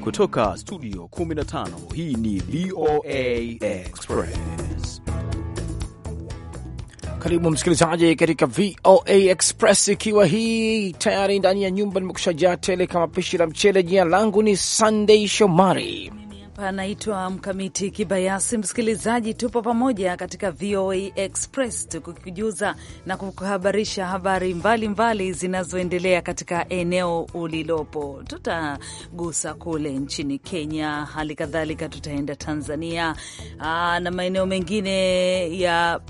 Kutoka studio 15 hii ni VOA Express. Karibu msikilizaji katika VOA Express, ikiwa hii tayari ndani ya nyumba nimekusha jaa tele kama pishi la mchele. Jina langu ni Sunday Shomari hapa anaitwa Mkamiti Kibayasi. Msikilizaji, tupo pamoja katika VOA Express tukukujuza na kukuhabarisha habari mbalimbali zinazoendelea katika eneo ulilopo. Tutagusa kule nchini Kenya, hali kadhalika tutaenda Tanzania aa, na maeneo mengine ya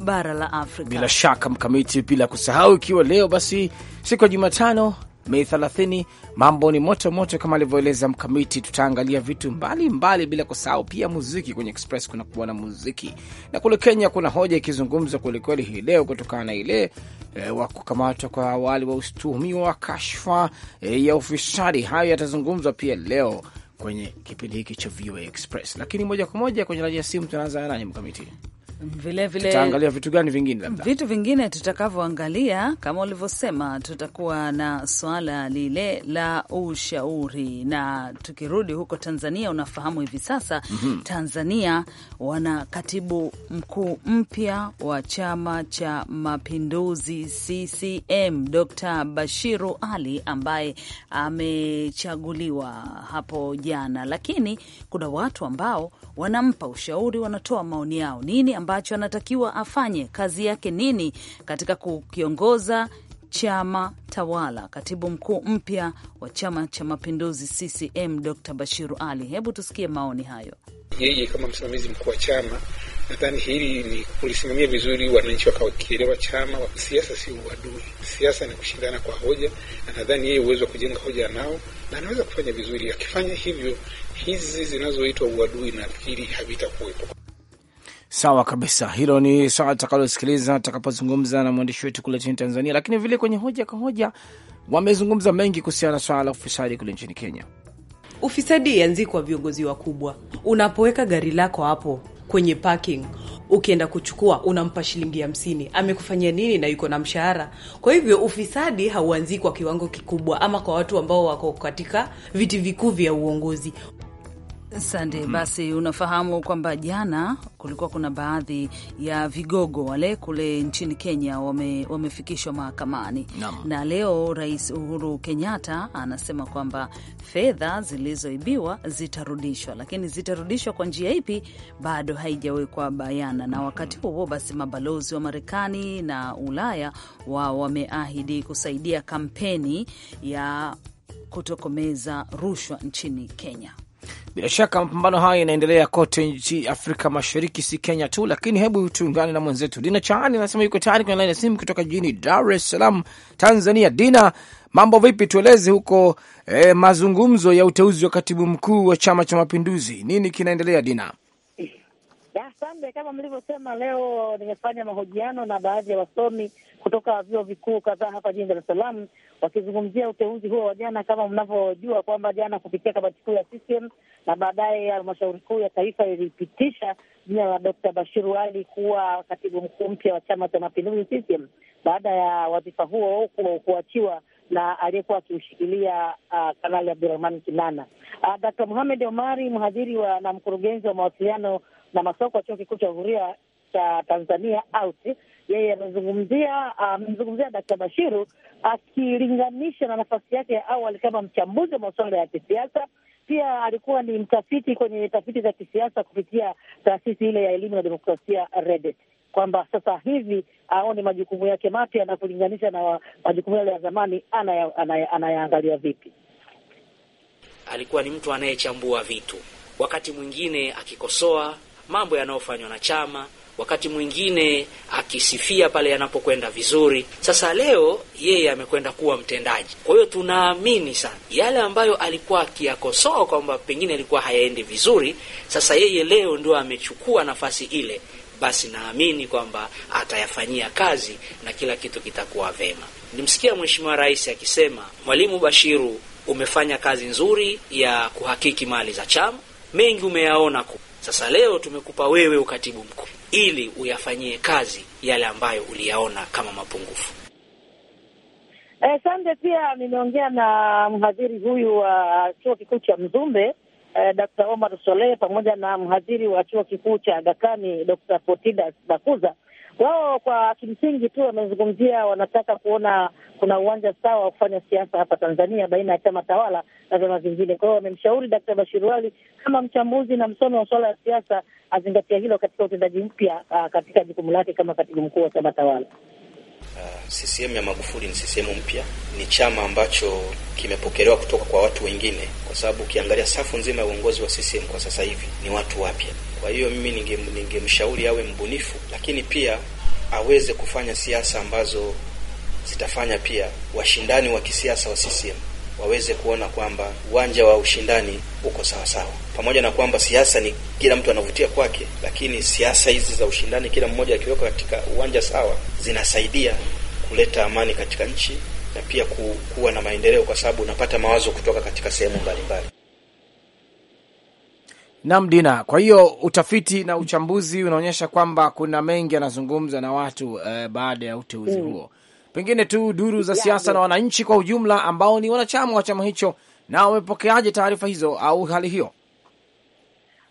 bara la Afrika bila shaka Mkamiti, bila kusahau ikiwa leo basi siku ya Jumatano Mei 30. Mambo ni moto moto kama alivyoeleza Mkamiti. Tutaangalia vitu mbalimbali mbali, bila kusahau pia muziki. Kwenye Express kuna kuona muziki, na kule Kenya kuna hoja ikizungumzwa kwelikweli hii leo kutokana na ile e, wa kukamatwa kwa awali wa ustuhumiwa wa kashfa e, ya ufisadi. Hayo yatazungumzwa pia leo kwenye kipindi hiki cha VOA Express, lakini moja kwa moja kwenye laji ya simu tunaanza nani Mkamiti. Vile vile tutaangalia vitu gani vingine, labda vitu vingine tutakavyoangalia, kama ulivyosema, tutakuwa na swala lile la ushauri. Na tukirudi huko Tanzania, unafahamu hivi sasa mm -hmm. Tanzania wana katibu mkuu mpya wa Chama cha Mapinduzi CCM, Dr. Bashiru Ali ambaye amechaguliwa hapo jana, lakini kuna watu ambao wanampa ushauri, wanatoa maoni yao nini ambacho anatakiwa afanye, kazi yake nini katika kukiongoza chama tawala. Katibu mkuu mpya wa Chama cha Mapinduzi CCM Dr Bashiru Ali, hebu tusikie maoni hayo. Yeye kama msimamizi mkuu wa chama, nadhani hili ni kulisimamia vizuri, wananchi wakakielewa chama. Siasa si uadui, siasa ni kushindana kwa hoja, na nadhani yeye uwezo wa kujenga hoja anao na anaweza kufanya vizuri. Akifanya hivyo, hizi zinazoitwa uadui nafikiri havitakuwepo. Sawa kabisa, hilo ni swala tutakalosikiliza tutakapozungumza na mwandishi wetu kule nchini Tanzania. Lakini vile kwenye hoja kwa hoja wamezungumza mengi kuhusiana na swala la ufisadi kule nchini Kenya. Ufisadi ianzi kwa viongozi wakubwa. Unapoweka gari lako hapo kwenye parking, ukienda kuchukua unampa shilingi hamsini, amekufanyia nini? Na yuko na mshahara. Kwa hivyo ufisadi hauanzii kwa kiwango kikubwa ama kwa watu ambao wako katika viti vikuu vya uongozi. Sande, mm-hmm. basi unafahamu kwamba jana kulikuwa kuna baadhi ya vigogo wale kule nchini Kenya wame, wamefikishwa mahakamani na leo Rais Uhuru Kenyatta anasema kwamba fedha zilizoibiwa zitarudishwa, lakini zitarudishwa kwa njia ipi bado haijawekwa bayana. Na wakati mm-hmm. huo basi mabalozi wa Marekani na Ulaya wao wameahidi kusaidia kampeni ya kutokomeza rushwa nchini Kenya. Bila shaka mapambano haya yanaendelea kote nchi Afrika Mashariki, si Kenya tu. Lakini hebu tuungane na mwenzetu Dina chaani anasema yuko tayari kwenye laini ya simu kutoka jijini Dar es Salaam, Tanzania. Dina, mambo vipi? Tueleze huko eh, mazungumzo ya uteuzi wa katibu mkuu wa Chama cha Mapinduzi, nini kinaendelea Dina? Asante. Kama mlivyosema, leo nimefanya mahojiano na baadhi ya wasomi kutoka vyuo vikuu kadhaa hapa jijini Dar es Salaam wakizungumzia uteuzi huo wa jana, kama mnavyojua kwamba jana kupitia kamati kuu ya CCM na baadaye halmashauri kuu ya taifa ilipitisha jina la Dkt. Bashiru Ali kuwa katibu mkuu mpya wa Chama cha Mapinduzi CCM baada ya wadhifa huo kuachiwa na aliyekuwa akiushikilia uh, Kanali Abdurahman Kinana. Uh, Dkt. Muhamed Omari, mhadhiri wa na mkurugenzi wa mawasiliano na masoko wa Chuo Kikuu cha Uhuria cha Tanzania AUT yeye amezungumzia amemzungumzia Dakta Bashiru akilinganisha na nafasi yake ya awali kama mchambuzi wa masuala ya kisiasa. Pia alikuwa ni mtafiti kwenye tafiti za kisiasa kupitia taasisi ile ya elimu na demokrasia REDET, kwamba sasa hivi aone majukumu yake mapya na kulinganisha na majukumu yale ya zamani anayaangalia anaya vipi. Alikuwa ni mtu anayechambua vitu, wakati mwingine akikosoa mambo yanayofanywa na chama wakati mwingine akisifia pale yanapokwenda vizuri. Sasa leo yeye amekwenda kuwa mtendaji, kwa hiyo tunaamini sana yale ambayo alikuwa akiyakosoa kwamba pengine alikuwa hayaendi vizuri, sasa yeye leo ndio amechukua nafasi ile, basi naamini kwamba atayafanyia kazi na kila kitu kitakuwa vema. nimsikia Mheshimiwa Rais akisema, Mwalimu Bashiru, umefanya kazi nzuri ya kuhakiki mali za chama, mengi umeyaona ku sasa leo tumekupa wewe ukatibu mkuu ili uyafanyie kazi yale ambayo uliyaona kama mapungufu. Asante. sande. pia nimeongea na mhadhiri huyu wa chuo kikuu cha Mzumbe eh, Dr. Omar Soleh pamoja na mhadhiri wa chuo kikuu cha gakani Dr. Potidas Bakuza wao kwa kimsingi tu wamezungumzia, wanataka kuona kuna uwanja sawa wa kufanya siasa hapa Tanzania baina ya chama tawala na vyama vingine. Kwa hiyo wamemshauri Dakta bashiruali kama mchambuzi na msomi wa suala ya siasa azingatia hilo katika utendaji mpya, ah, katika jukumu lake kama katibu mkuu wa chama tawala. CCM uh, ya Magufuli ni CCM mpya, ni chama ambacho kimepokelewa kutoka kwa watu wengine, kwa sababu ukiangalia safu nzima ya uongozi wa CCM kwa sasa hivi ni watu wapya. Kwa hiyo mimi ningemshauri ninge awe mbunifu, lakini pia aweze kufanya siasa ambazo zitafanya pia washindani wa kisiasa wa CCM waweze kuona kwamba uwanja wa ushindani uko sawasawa, pamoja na kwamba siasa ni kila mtu anavutia kwake, lakini siasa hizi za ushindani, kila mmoja akiweka katika uwanja sawa, zinasaidia kuleta amani katika nchi na pia ku, kuwa na maendeleo, kwa sababu unapata mawazo kutoka katika sehemu mbalimbali. nam Dina. Kwa hiyo utafiti na uchambuzi unaonyesha kwamba kuna mengi yanazungumza na watu eh, baada ya uteuzi mm. huo pengine tu duru za yaani siasa na wananchi kwa ujumla ambao ni wanachama wa chama hicho, na wamepokeaje taarifa hizo au hali hiyo?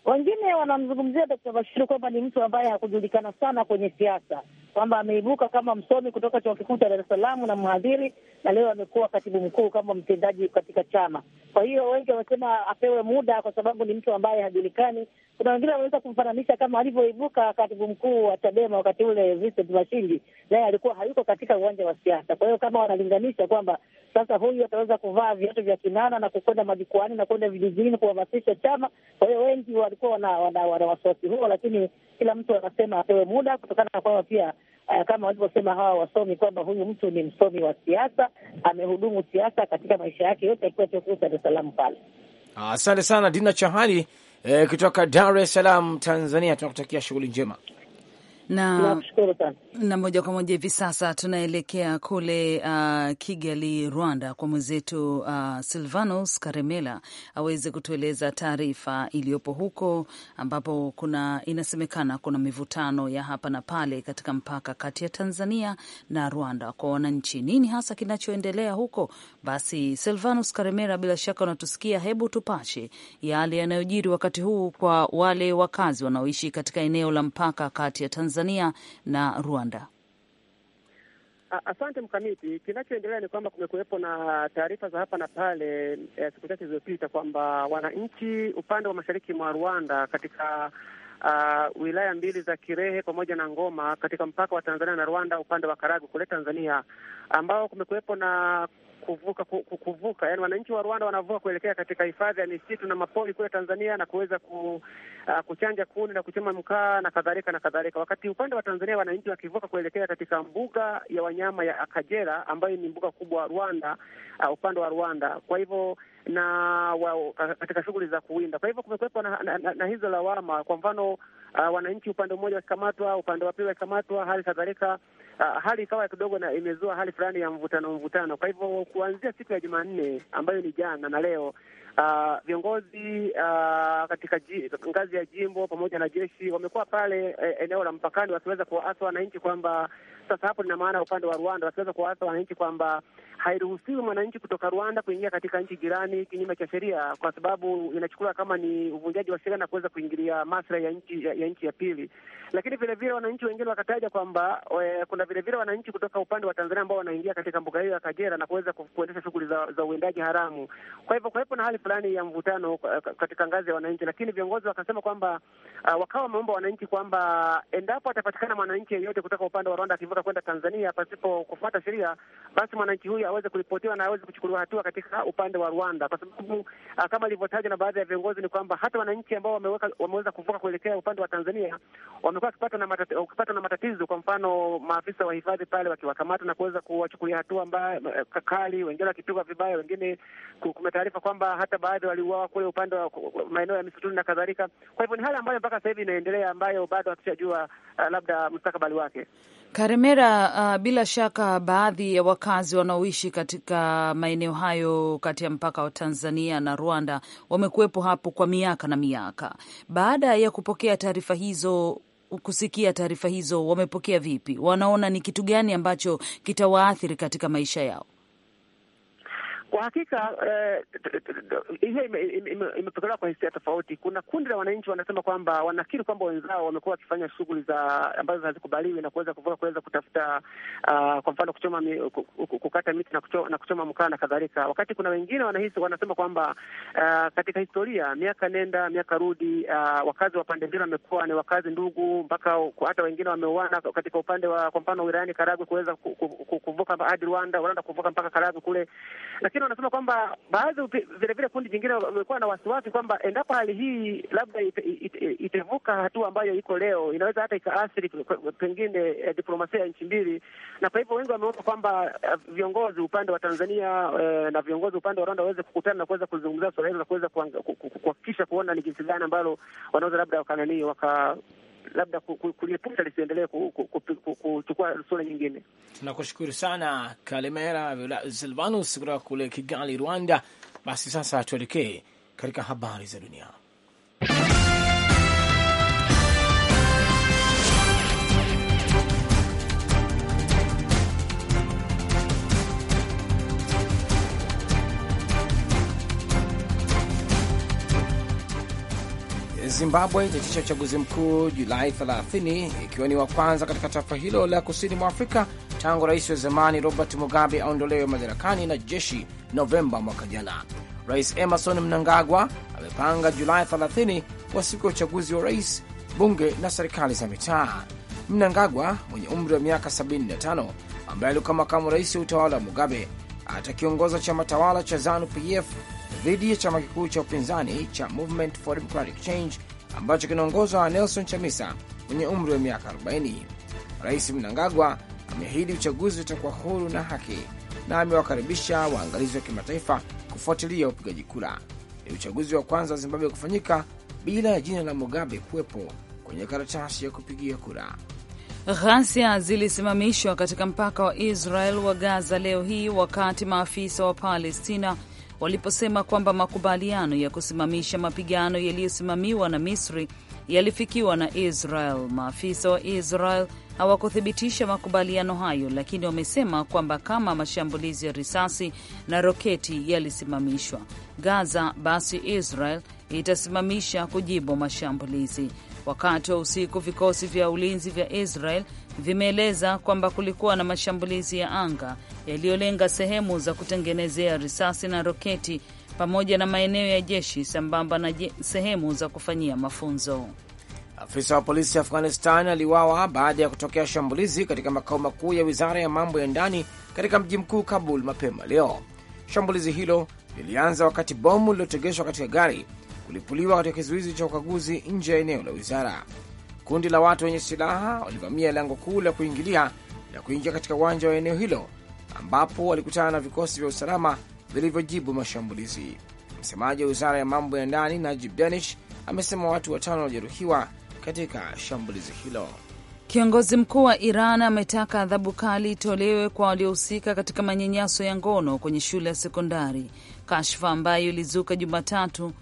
Wengine wanamzungumzia Dkt. Bashiru kwamba ni mtu ambaye hakujulikana sana kwenye siasa, kwamba ameibuka kama msomi kutoka chuo kikuu cha Dar es Salaam na mhadhiri, na leo amekuwa katibu mkuu kama mtendaji katika chama. Kwa hiyo wengi wamesema apewe muda, kwa sababu ni mtu ambaye hajulikani. Kuna wengine wanaweza kumfananisha kama alivyoibuka katibu mkuu wa Chadema wakati ule Vincent Mashinji, naye alikuwa hayuko katika uwanja wa siasa. Kwa hiyo kama wanalinganisha kwamba sasa huyu ataweza kuvaa viatu vya kinana na kukwenda majukwani na kwenda vijijini kuhamasisha chama. Kwa hiyo wengi walikuwa wana wasiwasi huo, lakini kila mtu anasema apewe muda kutokana na kwamba pia uh, kama walivyosema hawa wasomi kwamba huyu mtu ni msomi wa siasa, amehudumu siasa katika maisha yake yote, alikuwa chuo kikuu cha Dar es Salaam pale. Asante sana Dina Chahali eh, kutoka Dar es Salaam Tanzania, tunakutakia shughuli njema na nakushukuru sana na moja kwa moja hivi sasa tunaelekea kule uh, Kigali, Rwanda, kwa mwenzetu uh, Silvanus Karemela aweze kutueleza taarifa iliyopo huko, ambapo kuna inasemekana kuna mivutano ya hapa na pale katika mpaka kati ya Tanzania na Rwanda kwa wananchi. Nini hasa kinachoendelea huko? Basi Silvanus Karemela, bila shaka unatusikia, hebu tupashe yale yanayojiri wakati huu kwa wale wakazi wanaoishi katika eneo la mpaka kati ya Tanzania na Rwanda. Rwanda? Asante Mkamiti, kinachoendelea ni kwamba kumekuwepo na taarifa za hapa na pale eh, siku chache zilizopita kwamba wananchi upande wa mashariki mwa Rwanda katika uh, wilaya mbili za Kirehe pamoja na Ngoma katika mpaka wa Tanzania na Rwanda upande wa Karagwe kule Tanzania, ambao kumekuwepo na kuvuka kuvuka, yani wananchi wa Rwanda wanavua kuelekea katika hifadhi ya misitu na mapori kule Tanzania na kuweza ku, uh, kuchanja kuni na kuchoma mkaa na kadhalika na kadhalika, wakati upande wa Tanzania wananchi wakivuka kuelekea katika mbuga ya wanyama ya Akagera ambayo ni mbuga kubwa Rwanda, uh, upande wa Rwanda. Kwa hivyo na wa, uh, katika shughuli za kuwinda, kwa hivyo kumekuwepo na, na, na, na hizo lawama, kwa mfano uh, wananchi upande mmoja wakikamatwa, upande wa pili wakikamatwa, hali kadhalika Uh, hali ikawa kidogo na imezua hali fulani ya mvutano mvutano. Kwa hivyo kuanzia siku ya Jumanne ambayo ni jana na leo, uh, viongozi uh, katika ngazi ya jimbo pamoja na jeshi wamekuwa pale eh, eneo la mpakani wakiweza kuwaasa wananchi kwamba sasa hapo, lina maana upande wa Rwanda wakiweza kuwaasa wananchi kwamba hairuhusiwi mwananchi kutoka Rwanda kuingia katika nchi jirani kinyume cha sheria, kwa sababu inachukuliwa kama ni uvunjaji wa sheria na kuweza kuingilia maslahi ya nchi ya, ya nchi ya pili. Lakini vilevile wananchi wengine wakataja kwamba eh, kuna vilevile wananchi kutoka upande wa Tanzania ambao wanaingia katika mbuga hiyo ya Kagera na kuweza kuendesha shughuli za, za uwindaji haramu. Kwa hivyo kuwepo na hali fulani ya mvutano katika ngazi ya wananchi, lakini viongozi wakasema kwamba uh, wakawa wameomba wananchi kwamba endapo atapatikana mwananchi yeyote kutoka upande wa Rwanda akivuka kwenda Tanzania pasipo kufuata sheria, basi mwananchi huyo aweze kuripotiwa na aweze kuchukuliwa hatua katika upande wa Rwanda, kwa sababu uh, kama ilivyotajwa na baadhi ya viongozi ni kwamba hata wananchi ambao wameweka wameweza kuvuka kuelekea upande wa Tanzania wamekuwa wakipatwa na matatizo, na matatizo. Kwa mfano maafisa wa hifadhi pale wakiwakamata na kuweza kuwachukulia hatua mbaya eh, kali, wengine wakipigwa vibaya, wengine kumetaarifa taarifa kwamba hata baadhi waliuawa kule upande wa maeneo ya misituni na kadhalika. Kwa hivyo ni hali ambayo mpaka sasa hivi inaendelea, ambayo bado hatujajua uh, labda mustakabali wake. Karemera, uh, bila shaka baadhi ya wakazi wanaoishi katika maeneo hayo kati ya mpaka wa Tanzania na Rwanda wamekuwepo hapo kwa miaka na miaka. Baada ya kupokea taarifa hizo kusikia taarifa hizo, wamepokea vipi? Wanaona ni kitu gani ambacho kitawaathiri katika maisha yao? Kwa hakika hiyo eh, eh, eh, imepokelewa kwa hisia tofauti. Kuna kundi la wananchi wanasema kwamba wanakiri kwamba wenzao wamekuwa wakifanya shughuli za ambazo hazikubaliwi na kuweza kuvuka, kuweza kutafuta, uh, kwa mfano kuchoma, mi, kukata miti na kuchoma kuchoma mkaa na kadhalika, wakati kuna wengine wanahisi, wanasema kwamba uh, katika historia, miaka nenda miaka rudi, uh, wakazi wa pande mbili wamekuwa ni wakazi ndugu, mpaka hata wengine wameuana katika upande wa, kwa mfano wilayani Karagwe kuweza kuvuka hadi Rwanda, wanaenda kuvuka mpaka Karagwe kule, lakini lakini wanasema kwamba baadhi vile vile kundi jingine wamekuwa na wasiwasi kwamba endapo hali hii labda itevuka ite, ite, itavuka hatua ambayo iko leo, inaweza hata ikaathiri pengine eh, diplomasia ya nchi mbili, na kwa hivyo wengi wameona kwamba eh, viongozi upande wa Tanzania eh, na viongozi upande wa Rwanda waweze kukutana na kuweza kuzungumzia swala hilo na kuweza kuhakikisha kuona ni jinsi gani ambalo wanaweza labda wakananii waka labda kuliepusha lisiendelee kuchukua sura nyingine. Tunakushukuru sana Kalemera Silvanus kutoka kule Kigali, Rwanda. Basi sasa tuelekee katika habari za dunia. Zimbabwe itaitisha uchaguzi mkuu Julai 30 ikiwa ni wa kwanza katika taifa hilo la kusini mwa Afrika tangu rais wa zamani Robert Mugabe aondolewe madarakani na jeshi Novemba mwaka jana. Rais Emerson Mnangagwa amepanga Julai 30 kwa siku ya uchaguzi wa rais, bunge na serikali za mitaa. Mnangagwa mwenye umri wa miaka 75 ambaye alikuwa makamu rais wa utawala wa Mugabe atakiongoza chama tawala cha ZANU PF dhidi ya chama kikuu cha upinzani cha Movement for Democratic Change ambacho kinaongozwa na Nelson Chamisa mwenye umri wa miaka 40. Rais Mnangagwa ameahidi uchaguzi utakuwa huru na haki na amewakaribisha waangalizi wa kimataifa kufuatilia upigaji kura. Ni uchaguzi wa kwanza wa Zimbabwe kufanyika bila ya jina la Mugabe kuwepo kwenye karatasi ya kupigia kura. Ghasia zilisimamishwa katika mpaka wa Israel wa Gaza leo hii wakati maafisa wa Palestina waliposema kwamba makubaliano ya kusimamisha mapigano yaliyosimamiwa na Misri yalifikiwa na Israel. Maafisa wa Israel hawakuthibitisha makubaliano hayo, lakini wamesema kwamba kama mashambulizi ya risasi na roketi yalisimamishwa Gaza, basi Israel itasimamisha kujibu mashambulizi. Wakati wa usiku, vikosi vya ulinzi vya Israel vimeeleza kwamba kulikuwa na mashambulizi ya anga yaliyolenga sehemu za kutengenezea risasi na roketi pamoja na maeneo ya jeshi sambamba na je, sehemu za kufanyia mafunzo. Afisa wa polisi Afghanistan aliwawa baada ya kutokea shambulizi katika makao makuu ya wizara ya mambo ya ndani katika mji mkuu Kabul mapema leo. Shambulizi hilo lilianza wakati bomu lililotegeshwa katika gari kulipuliwa katika kizuizi cha ukaguzi nje ya eneo la wizara. Kundi la watu wenye silaha walivamia lango kuu la kuingilia na kuingia katika uwanja wa eneo hilo ambapo walikutana na vikosi vya usalama vilivyojibu mashambulizi. Msemaji wa wizara ya mambo ya ndani Najib Danish amesema watu watano walijeruhiwa katika shambulizi hilo. Kiongozi mkuu wa Iran ametaka adhabu kali itolewe kwa waliohusika katika manyanyaso ya ngono kwenye shule ya sekondari, kashfa ambayo ilizuka Jumatatu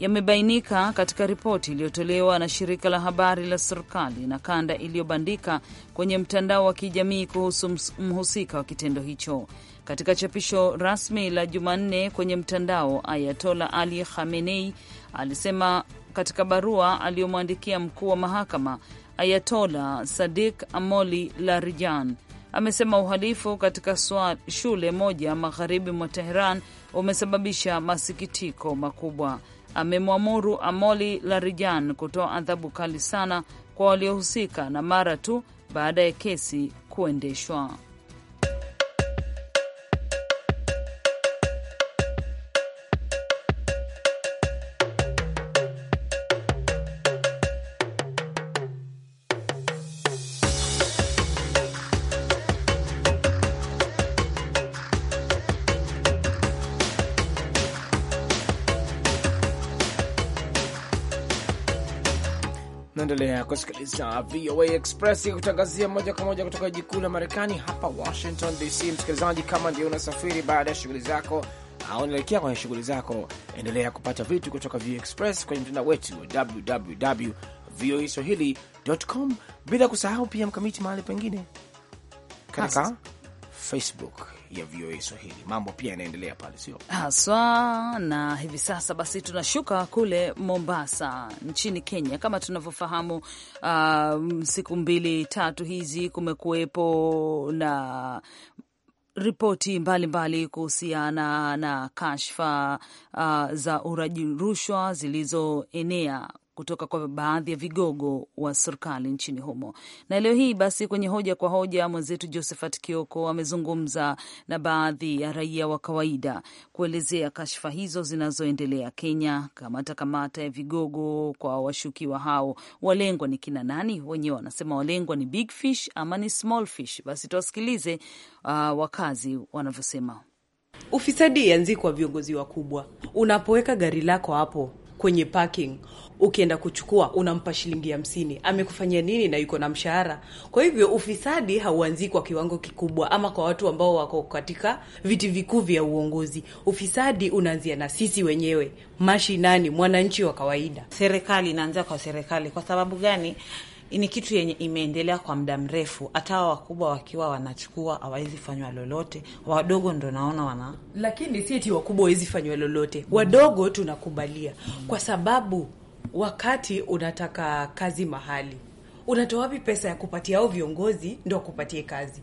yamebainika katika ripoti iliyotolewa na shirika la habari la serikali na kanda iliyobandika kwenye mtandao wa kijamii kuhusu mhusika wa kitendo hicho. Katika chapisho rasmi la Jumanne kwenye mtandao, Ayatola Ali Khamenei alisema katika barua aliyomwandikia mkuu wa mahakama, Ayatola Sadik Amoli Larijan amesema uhalifu katika shule moja magharibi mwa Teheran umesababisha masikitiko makubwa amemwamuru Amoli Larijan kutoa adhabu kali sana kwa waliohusika na mara tu baada ya kesi kuendeshwa. Unaendelea kusikiliza VOA Express ikutangazia moja kwa moja kutoka jiji kuu la Marekani hapa Washington DC. Msikilizaji, kama ndio unasafiri baada ya shughuli zako au unaelekea kwenye shughuli zako, endelea kupata vitu kutoka VOA Express kwenye mtandao wetu www voa swahili.com, bila kusahau pia mkamiti mahali pengine katika Facebook ya VOA Swahili. Mambo pia yanaendelea pale, sio haswa. Na hivi sasa basi tunashuka kule Mombasa nchini Kenya. Kama tunavyofahamu, uh, siku mbili tatu hizi kumekuwepo na ripoti mbalimbali kuhusiana na kashfa uh, za uraji rushwa zilizoenea kutoka kwa baadhi ya vigogo wa serikali nchini humo. Na leo hii basi, kwenye hoja kwa hoja, mwenzetu Josephat Kioko amezungumza na baadhi ya raia wa kawaida kuelezea kashfa hizo zinazoendelea Kenya, kamata kamata ya vigogo kwa washukiwa hao. Walengwa ni kina nani? Wenyewe wanasema walengwa ni big fish ama ni small fish? Basi tuwasikilize, uh, wakazi wanavyosema. Ufisadi ianzi kwa viongozi wakubwa. Unapoweka gari lako hapo, kwenye parking ukienda kuchukua unampa shilingi hamsini. Amekufanyia nini? Na yuko na mshahara. Kwa hivyo ufisadi hauanzii kwa kiwango kikubwa, ama kwa watu ambao wako katika viti vikuu vya uongozi. Ufisadi unaanzia na sisi wenyewe mashinani, mwananchi wa kawaida. Serikali inaanzia kwa serikali. Kwa sababu gani? ni kitu yenye imeendelea kwa muda mrefu, hata wakubwa wakiwa wanachukua hawawezi fanywa lolote, wadogo ndo naona wana. Lakini si eti wakubwa hawezi fanywa lolote, wadogo tunakubalia, kwa sababu wakati unataka kazi mahali unatoa wapi pesa ya kupatia au viongozi ndo wakupatie kazi?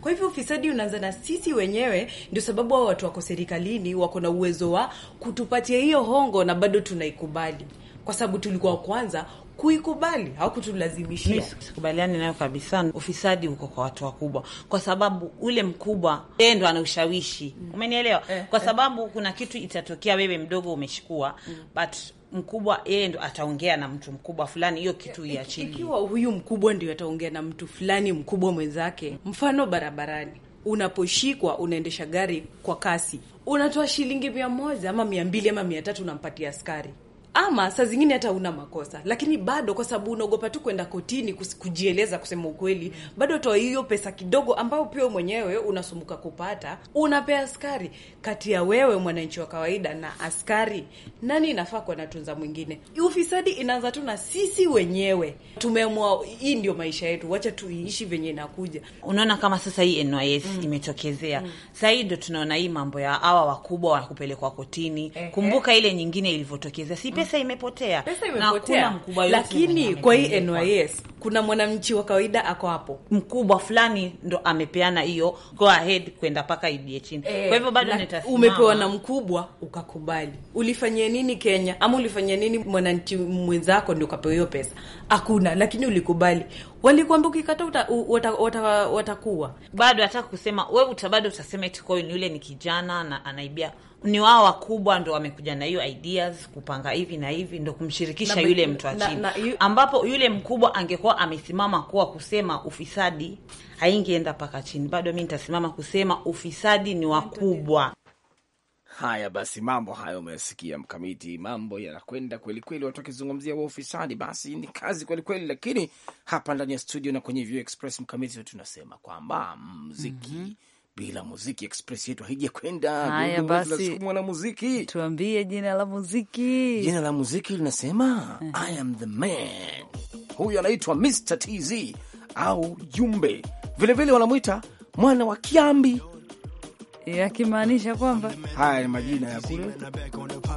Kwa hivyo ufisadi unaanza na sisi wenyewe. Ndio sababu hao watu wako serikalini wako na uwezo wa kutupatia hiyo hongo na bado tunaikubali, kwa sababu tulikuwa kwanza kuikubali, hawakutulazimishia. Sikubaliani nayo kabisa. Ufisadi uko kwa watu wakubwa, kwa sababu ule mkubwa yeye ndo ana ushawishi, mm. umenielewa? Eh, kwa eh. sababu kuna kitu itatokea, wewe mdogo umeshikua mm. but mkubwa yeye ndo ataongea na mtu mkubwa fulani, hiyo kitu eh, iachili. Ikiwa huyu mkubwa ndio ataongea na mtu fulani mkubwa mwenzake, mfano barabarani unaposhikwa unaendesha gari kwa kasi, unatoa shilingi mia moja ama mia mbili ama mia tatu unampatia askari ama saa zingine hata una makosa, lakini bado kwa sababu unaogopa tu kwenda kotini kujieleza, kusema ukweli, bado toa hiyo pesa kidogo ambayo pia mwenyewe unasumbuka kupata, unapea askari. Kati ya wewe mwananchi wa kawaida na askari, nani inafaa kuwa natunza mwingine? Ufisadi inaanza tu na sisi wenyewe. Tumeamua hii ndio maisha yetu, wacha tuiishi venye inakuja. Unaona kama sasa hii NYS mm. imetokezea mm. saa hii ndo tunaona hii mambo ya awa wakubwa wa kupelekwa kotini kumbuka ile nyingine ilivyotokezea si pesa imepotea, pesa imepotea mkubwa. Lakini kwa hii NYS kuna mwananchi wa kawaida ako hapo, mkubwa fulani ndo amepeana hiyo go ahead kwenda mpaka idie chini eh, Kwa hivyo bado nitasema umepewa na mkubwa ukakubali. Ulifanyia nini Kenya ama ulifanyia nini mwananchi mwenzako ndio ukapewa hiyo pesa? Hakuna, lakini ulikubali. Walikwambia ukikata watakuwa bado, hata kusema wewe utabado utasema eti kwa yule ni kijana na anaibia ni wao wakubwa ndo wamekuja na hiyo ideas kupanga hivi na hivi, ndo kumshirikisha na yule mtu wa chini, ambapo yule mkubwa angekuwa amesimama kuwa kusema ufisadi haingeenda mpaka chini. Bado mi nitasimama kusema ufisadi ni wakubwa. Haya basi, mambo hayo umesikia Mkamiti, mambo yanakwenda kwelikweli, watu wakizungumzia wa ufisadi, basi ni kazi kwelikweli. Lakini hapa ndani ya studio na kwenye View Express Mkamiti, tunasema kwamba mziki mm -hmm bila muziki express yetu haija kwenda. Haya basi, na muziki, tuambie jina la muziki. Jina la muziki linasema eh. I am the man. Huyu anaitwa Mr TZ au Jumbe, vilevile wanamwita mwana wa Kiambi, yakimaanisha kwamba haya ni majina ya kule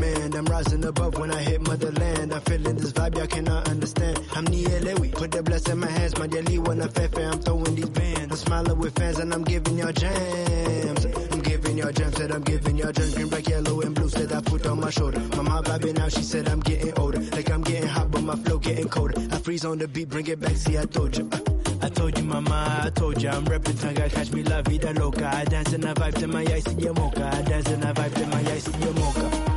command. I'm rising above when I hit motherland. I'm feeling this vibe, y'all cannot understand. I'm Nielewi, put the bless in my hands. My daily when I fefe, I'm throwing these bands. I'm smiling with fans and I'm giving y'all jams. I'm giving y'all jams, said I'm giving y'all jams. Green, black, yellow, and blue, said I put on my shoulder. Mama vibing out, she said I'm getting older. Like I'm getting hot, but my flow getting colder. I freeze on the beat, bring it back, see I told you. I told you, mama, I told you, I'm reppin' Tanga, catch me la vida loca. I dance and I vibe to my icy mocha. I dance and I vibe to my icy mocha.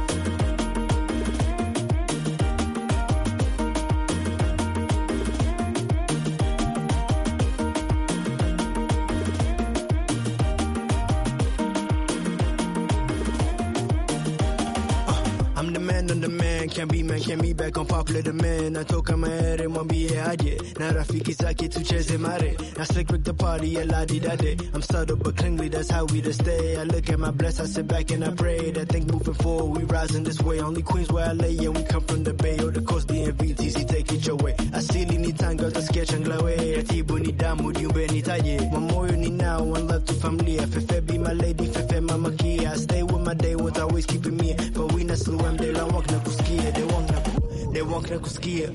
Me back on pop the man natoka maere mwambie aje na rafiki zake tucheze mare na slick with the party a la di dade I'm subtle but cleanly that's how we to stay I look at my bless I sit back and I pray that think moving forward we rising this way only Queens where I lay and we come from the bay or the coast DMV easy, take it your way asili ni tanga need changlawe ratibu ni damu jiumbe be mamoyo ni nao one love to family. fefe be my lady fefe mama key. I stay with my day what always keeping me but we not slow they la walk na kusikia they walk na they won't conseguir.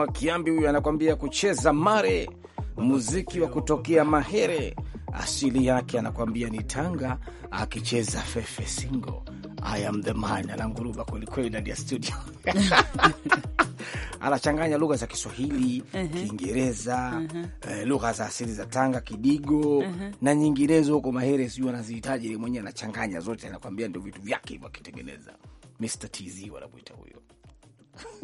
wa Kiambi huyu anakwambia kucheza mare, muziki wa kutokea mahere, asili yake anakwambia ni Tanga, akicheza Fefe Singo. I am the man, ananguruba kwelikweli ndani ya studio anachanganya lugha za Kiswahili, uh -huh. Kiingereza, uh -huh. eh, lugha za asili za Tanga, Kidigo uh -huh. na nyinginezo huko Mahere, sijui anazihitaji mwenyewe, anachanganya zote, anakwambia ndio vitu vyake hivyo akitengeneza. Mr TZ wanamwita huyo.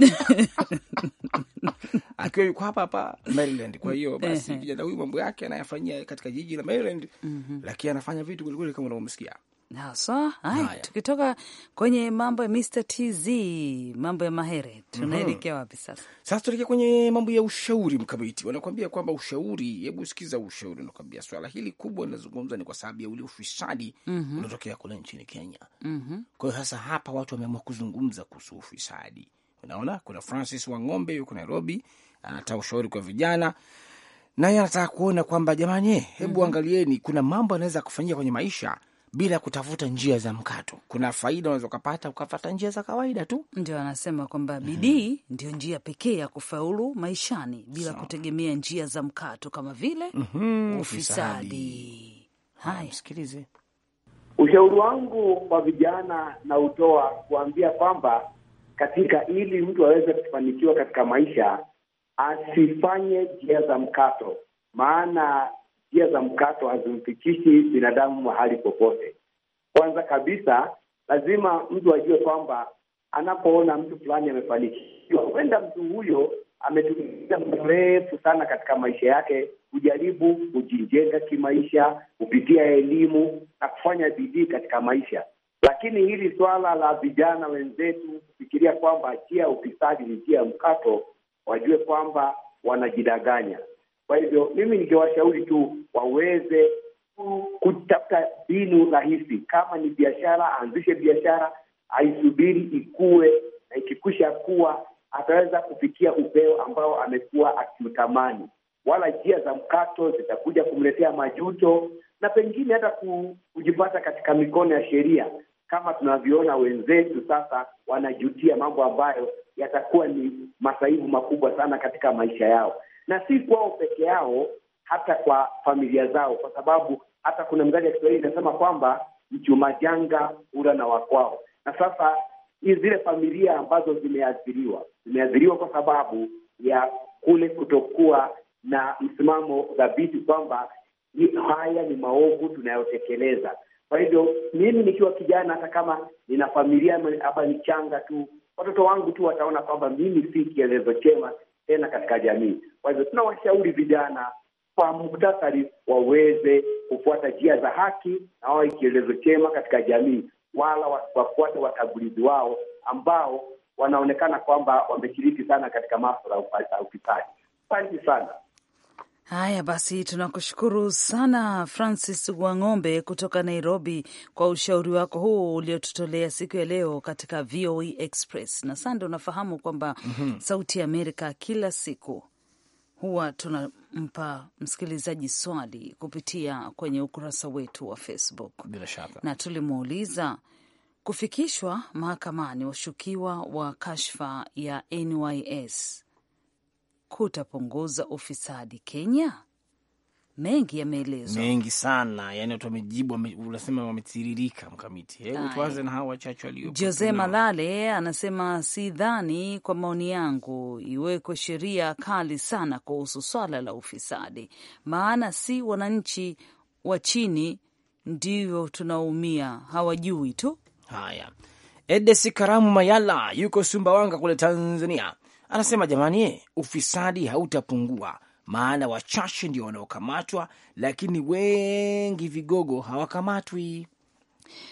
akiwa yuko hapa hapa Maryland. Kwa hiyo basi kijana huyu mambo yake anayafanyia katika jiji la Maryland, mm -hmm. lakini anafanya vitu kwelikweli kama unavyomsikia. Hasa hai, tukitoka kwenye mambo ya Mr TZ, mambo ya mahere, tunaelekea mm -hmm. wapi sasa? Sasa tuelekea kwenye mambo ya ushauri mkamiti. Wanakuambia kwamba ushauri, hebu sikiza ushauri. Wanakuambia swala hili kubwa linazungumza ni kwa sababu ya ule ufisadi mm -hmm. unatokea kule nchini Kenya. mm Kwa hiyo sasa hapa watu wameamua kuzungumza kuhusu ufisadi Unaona, kuna Francis Wang'ombe yuko Nairobi, anatoa ushauri kwa vijana, naye anataka kuona kwamba jamani, hebu mhm. angalieni, kuna mambo anaweza kufanyika kwenye maisha bila kutafuta njia za mkato. Kuna faida unaweza ukapata ukafata njia za kawaida tu. Ndio anasema kwamba mhm. bidii mm -hmm. ndio njia pekee ya kufaulu maishani bila so. kutegemea njia za mkato kama vile mm -hmm. ufisadi. Haya, msikilize ushauri wangu kwa vijana na utoa kuambia kwamba katika, ili mtu aweze kufanikiwa katika maisha, asifanye njia za mkato, maana njia za mkato hazimfikishi binadamu mahali popote. Kwanza kabisa, lazima mtu ajue kwamba anapoona mtu fulani amefanikiwa, huenda mtu huyo ametumia mrefu sana katika maisha yake kujaribu kujijenga kimaisha kupitia elimu na kufanya bidii katika maisha. Lakini hili swala la vijana wenzetu kufikiria kwamba njia ya ufisadi ni njia ya mkato, wajue kwamba wanajidanganya. Kwa hivyo mimi ningewashauri tu waweze kutafuta mbinu rahisi. Kama ni biashara, aanzishe biashara, aisubiri ikue, na ikikwisha kuwa ataweza kufikia upeo ambao amekuwa akiutamani. Wala njia za mkato zitakuja kumletea majuto na pengine hata kujipata katika mikono ya sheria, kama tunavyoona wenzetu sasa wanajutia mambo ambayo yatakuwa ni masaibu makubwa sana katika maisha yao, na si kwao peke yao, hata kwa familia zao, kwa sababu hata kuna methali ya Kiswahili inasema kwamba mchuma janga hula na wakwao. Na sasa zile familia ambazo zimeathiriwa zimeathiriwa kwa sababu ya kule kutokuwa na msimamo dhabiti kwamba haya ni maovu tunayotekeleza, kwa hivyo mimi nikiwa kijana, hata kama nina familia hapa ni changa tu, watoto wangu tu wataona kwamba mimi si kielezo chema tena katika jamii. Kwa hivyo tunawashauri vijana kwa muktasari, waweze kufuata njia za haki na wawe kielezo chema katika jamii, wala wafuate watangulizi wao ambao wanaonekana kwamba wameshiriki sana katika maswala ya ufisadi. Asante sana. Haya basi, tunakushukuru sana Francis Wang'ombe kutoka Nairobi kwa ushauri wako huu uliotutolea siku ya leo katika VOA e Express. Na Sande, unafahamu kwamba mm -hmm. Sauti ya Amerika kila siku huwa tunampa msikilizaji swali kupitia kwenye ukurasa wetu wa Facebook. Bila shaka, na tulimuuliza kufikishwa mahakamani washukiwa wa kashfa ya NYS kutapunguza ufisadi Kenya? Mengi yameelezwa, mengi sana, yani watu wamejibu, unasema wametiririka. Mkamiti, hebu tuanze na hawa wachache walio. Jose Malale anasema si dhani, kwa maoni yangu, iwekwe sheria kali sana kuhusu swala la ufisadi, maana si wananchi wa chini ndivyo tunaumia, hawajui tu. Haya, Edesi Karamu Mayala yuko Sumbawanga kule Tanzania Anasema jamani, ufisadi hautapungua, maana wachache ndio wanaokamatwa, lakini wengi vigogo hawakamatwi.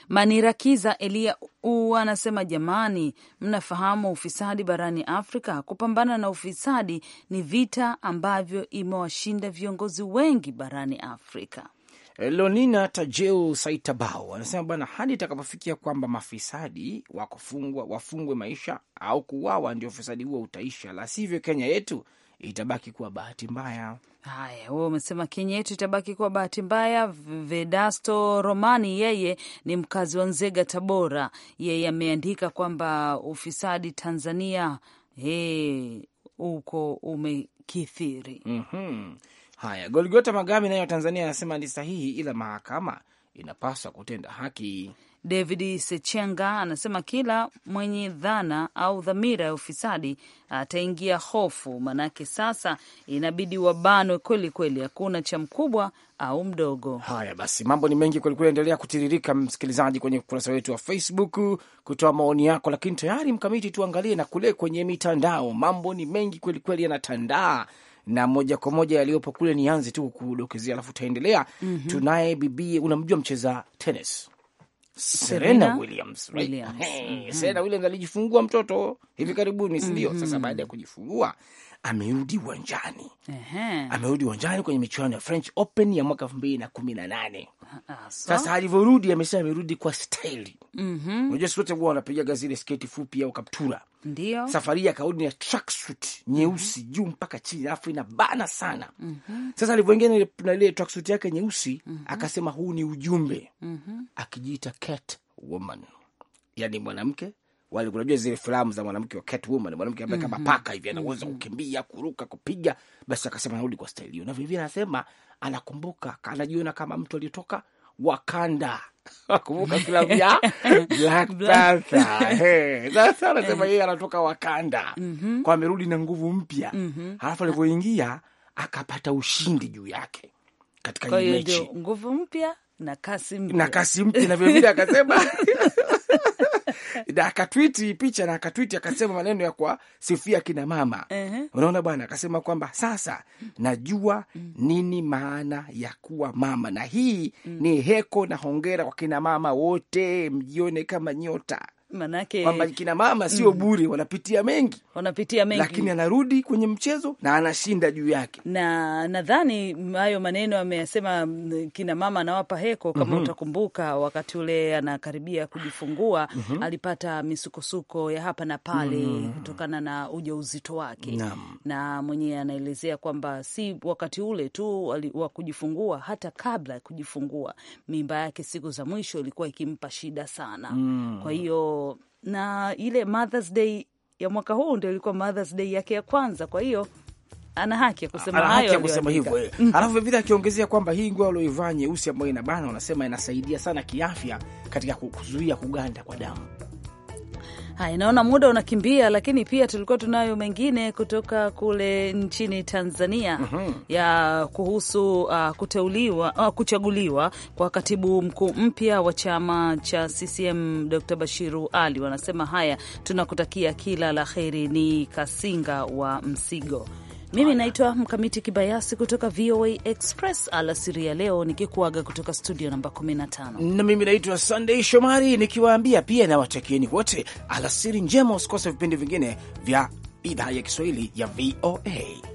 Manirakiza Elia u anasema jamani, mnafahamu ufisadi barani Afrika. Kupambana na ufisadi ni vita ambavyo imewashinda viongozi wengi barani Afrika. Lonina Tajeu Saitabao anasema bwana, hadi itakapofikia kwamba mafisadi wakufungwa wafungwe maisha au kuuawa, ndio ufisadi huo utaisha, la sivyo Kenya yetu itabaki kuwa bahati mbaya. Haya, wewe umesema Kenya yetu itabaki kuwa bahati mbaya. Vedasto Romani yeye ni mkazi wa Nzega, Tabora. Yeye ameandika kwamba ufisadi Tanzania, hey, eh, uko umekithiri. mm -hmm. Haya, magami Magabi nayo Tanzania anasema ni sahihi, ila mahakama inapaswa kutenda haki. David Sechenga anasema kila mwenye dhana au dhamira ya ufisadi ataingia hofu, maanake sasa inabidi wabanwe kweli kweli, hakuna cha mkubwa au mdogo. Haya basi, mambo ni mengi kwelikweli, endelea kutiririka msikilizaji kwenye ukurasa wetu wa Facebook kutoa maoni yako, lakini tayari mkamiti, tuangalie na kule kwenye mitandao. Mambo ni mengi kwelikweli, yanatandaa na moja kwa moja yaliyopo kule, nianze tu kudokezea alafu utaendelea. mm -hmm. Tunaye bibi, unamjua mcheza tenis Serena Williams, right? Williams. Hey, mm -hmm. Serena Williams alijifungua mtoto hivi karibuni, si ndio? mm -hmm. Sasa mhm. baada ya kujifungua amerudi uwanjani, amerudi uwanjani kwenye michuano ya French Open ya mwaka elfu mbili na kumi na nane sasa alivyorudi amesema amerudi kwa staili. Mm-hmm. Unajua siku zote huwa wanapigaga zile sketi fupi au kaptura. Ndio. Safari akarudi na tracksuit nyeusi mm -hmm. juu mpaka chini alafu bana sana. Mm -hmm. Sasa alivyoingia na ile tracksuit yake nyeusi mm -hmm. akasema huu ni ujumbe. Mm -hmm. Akijiita cat woman. Yaani mwanamke wale, unajua zile filamu za mwanamke wa Catwoman, mwanamke ambaye kama mhm. paka hivi anaweza mhm. kukimbia, kuruka, kupiga, basi akasema narudi kwa staili hiyo, na vilevile anasema anakumbuka, anajiona kama mtu aliyetoka Wakanda kumbuka filamu ya Black Panther. Sasa anasema eh. yeye anatoka Wakanda mhm. kwa amerudi na nguvu mpya mm halafu alivyoingia akapata ushindi juu yake katika mechi, nguvu mpya na kasi mpya na vilevile akasema na akatwiti picha na akatwiti akasema maneno ya kuwasifia kina mama. uh -huh. Unaona bwana, akasema kwamba sasa najua mm. nini maana ya kuwa mama, na hii mm. ni heko na hongera kwa kina mama wote, mjione kama nyota manake kwamba kina mama sio mm, bure, wanapitia mengi, wanapitia mengi, lakini anarudi kwenye mchezo na anashinda juu yake. Na nadhani hayo maneno ameyasema mm, kina mama, anawapa heko kama mm -hmm. Utakumbuka wakati ule anakaribia kujifungua mm -hmm. alipata misukosuko ya hapa na pale mm -hmm. kutokana na ujauzito wake na, na mwenyewe anaelezea kwamba si wakati ule tu wa kujifungua, hata kabla ya kujifungua mimba yake siku za mwisho ilikuwa ikimpa shida sana mm. kwa hiyo na ile Mother's Day ya mwaka huu ndio ilikuwa Mother's Day yake ya kwanza, kwa hiyo ana haki ya kusema hayo, ana haki ya kusema hivyo eh. Mm. Alafu vile akiongezea kwamba hii nguo alioivaa nyeusi ambayo inabana, wanasema inasaidia sana kiafya katika kuzuia kuganda kwa damu. Haya, naona muda unakimbia, lakini pia tulikuwa tunayo mengine kutoka kule nchini Tanzania mm -hmm. ya kuhusu uh, kuteuliwa uh, kuchaguliwa kwa katibu mkuu mpya wa chama cha CCM Dr. Bashiru Ali. Wanasema haya, tunakutakia kila la heri. Ni Kasinga wa Msigo. Mimi naitwa Mkamiti Kibayasi kutoka VOA Express alasiri ya leo, nikikuaga kutoka studio namba 15. Na mimi naitwa Sunday Shomari nikiwaambia pia nawatakieni wote alasiri njema. Usikose vipindi vingine vya idhaa ya Kiswahili ya VOA.